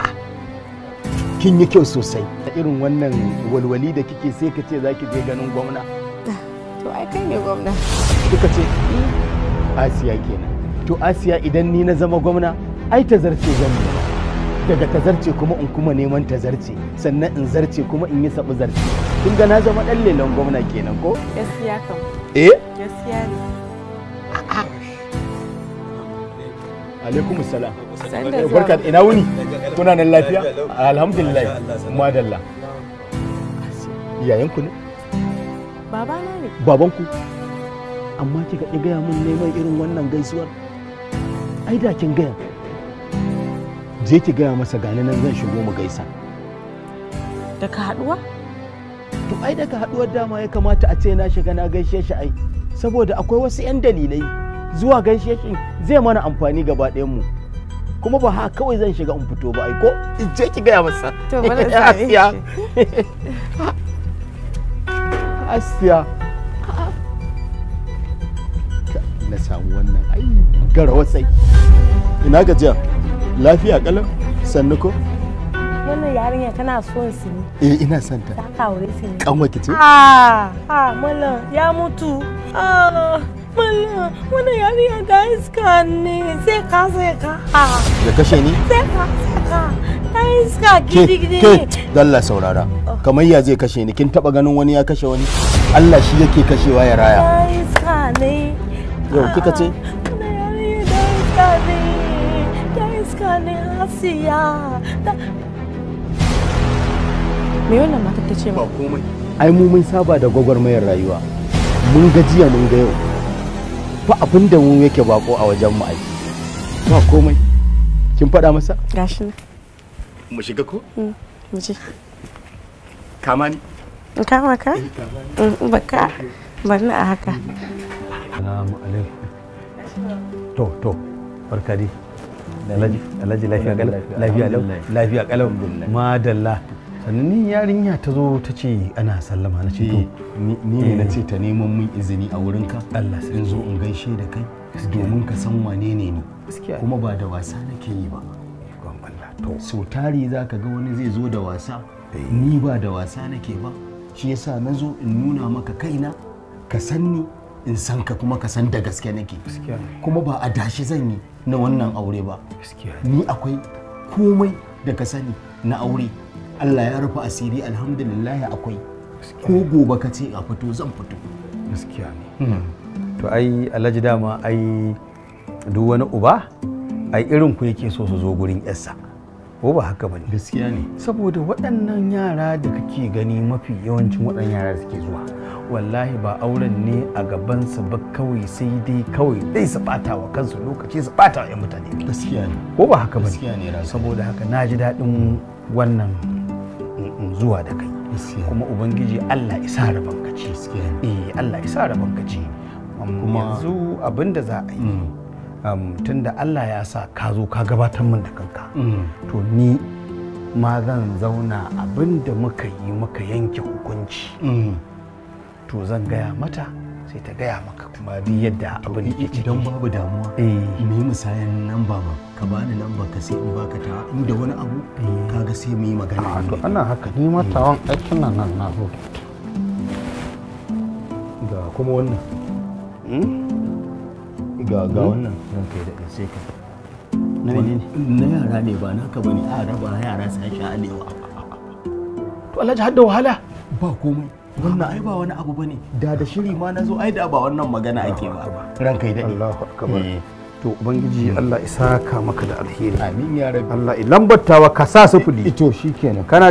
a'a kin yi kyau sosai irin wannan walwali da kike sai ka ce za ki je ganin gwamna to ai kai ne gwamna kika ce eh. asiya kenan to asiya idan ni na zama gwamna ai ta zarce gwamna daga ta zarce kuma in kuma neman ta zarce sannan in zarce kuma in yi sabu zarce kin ga na zama dan lelon gwamna kenan ko gaskiya kam eh gaskiya ne alaikum salam eh, barka ina wuni kuna nan lafiya alhamdulillah madalla yayan ku ne na ne baban ku amma kika ga gaya mun neman irin wannan gaisuwar ai da kin gaya je ki gaya masa gani nan zan shigo mu gaisa daga haduwa to ai daga haduwar dama ya kamata a ce na shiga na gaishe shi ai saboda akwai wasu 'yan dalilai zuwa gan shekin zai mana amfani gaba ɗayan mu kuma ba haka kawai zan shiga in fito ba ai ko je ki gaya masa to bana asiya asiya na samu wannan ai garawasai ina gajiya lafiya kalan sannu ko wannan yarinya kana son su ne eh ina son ta ta kaure su ne kanwa kice a ah, a ah, mallam ya mutu ah wani wannan yarinya ta iska ne, sai ka sai ka. Ya kashe ni? Sai ka sai ka. Ta iska gidigidi. Ke, dalla saurara. Oh. Kamar ya zai kashe ni, kin taba ganin wani ya kashe wani? Allah shi yake kashewa ya raya. Ta iska ne. Yau kika ce? wani ah, Wannan yarinya ta iska ne. Ta iska ne Asiya. Me wannan matar ta ce ba komai. Ai mu mun saba da gwagwarmayar rayuwa. Mun gajiya mun ga yau. fa abin da mu yake bako a wajen mu ai ba komai kin faɗa masa gashi ne mu shiga ko mm, mu je kama ni kama ka eh, baka bari a haka assalamu alaikum to to barka dai alhaji alhaji lafiya kalau lafiya kalau madalla sannan yarinya ta zo ta ce ana sallama na ce to ni ne na ce ta neman min izini a wurinka Allah in zo in gaishe da kai domin ka san wane ne ni kuma ba da wasa nake yi ba to tari za ka ga wani zai zo da wasa eh. ni ba da wasa nake ba shi yasa na zo in nuna maka kaina ka san ni in san ka kuma ka san da gaske nake kuma ba a dashi zan yi na wannan aure ba ni akwai komai da ka sani na aure Allah ya rufe asiri alhamdulillah akwai ko gobe ka ce a fito zan fito gaskiya ne hmm. to ai alhaji dama ai duk wani uba ai irin ku yake so su zo gurin yarsa ko ba haka bane gaskiya ne saboda waɗannan yara da kake gani mafi yawancin waɗannan yara da suke zuwa wallahi ba auren ne a gaban su ba kawai sai dai kawai dai su bata wa kansu lokaci su bata wa 'yan mutane gaskiya ne ko ba haka bane gaskiya ne saboda haka na ji daɗin wannan zuwa da kai kuma ubangiji Allah isa rabon kaci eh Allah isa rabon kaci ci yanzu abinda za a yi mm. tunda Allah ya sa ka zo ka gabatar min da kanka mm. to ni ma zan zauna abinda muka yi muka yanke hukunci mm. to zan gaya mata sai ta gaya maka kuma yadda abin da ke ciki idan babu damuwa eh. me misayan nan ba ka bani nan ba ka sai in baka ta inda wani abu eh. kaga sai mu yi magana ah, to ana haka ni ma eh. tawan aikin nan nan na rubuta ga kuma wannan hmm? ga ga hmm? wannan nan kai da sai ka na menene na yara ne ba naka bane a raba yara sai sha alewa to Allah ji hadda wahala ba komai wannan ai ba wani abu bane da da shiri ma na zo ai da ba wannan magana ake ba ranka dade Allahu akbar eh. to ubangiji Allah isa ka maka da alheri amin ya rabbi Allah ilambatawa ka sa sufuli to shikenan kana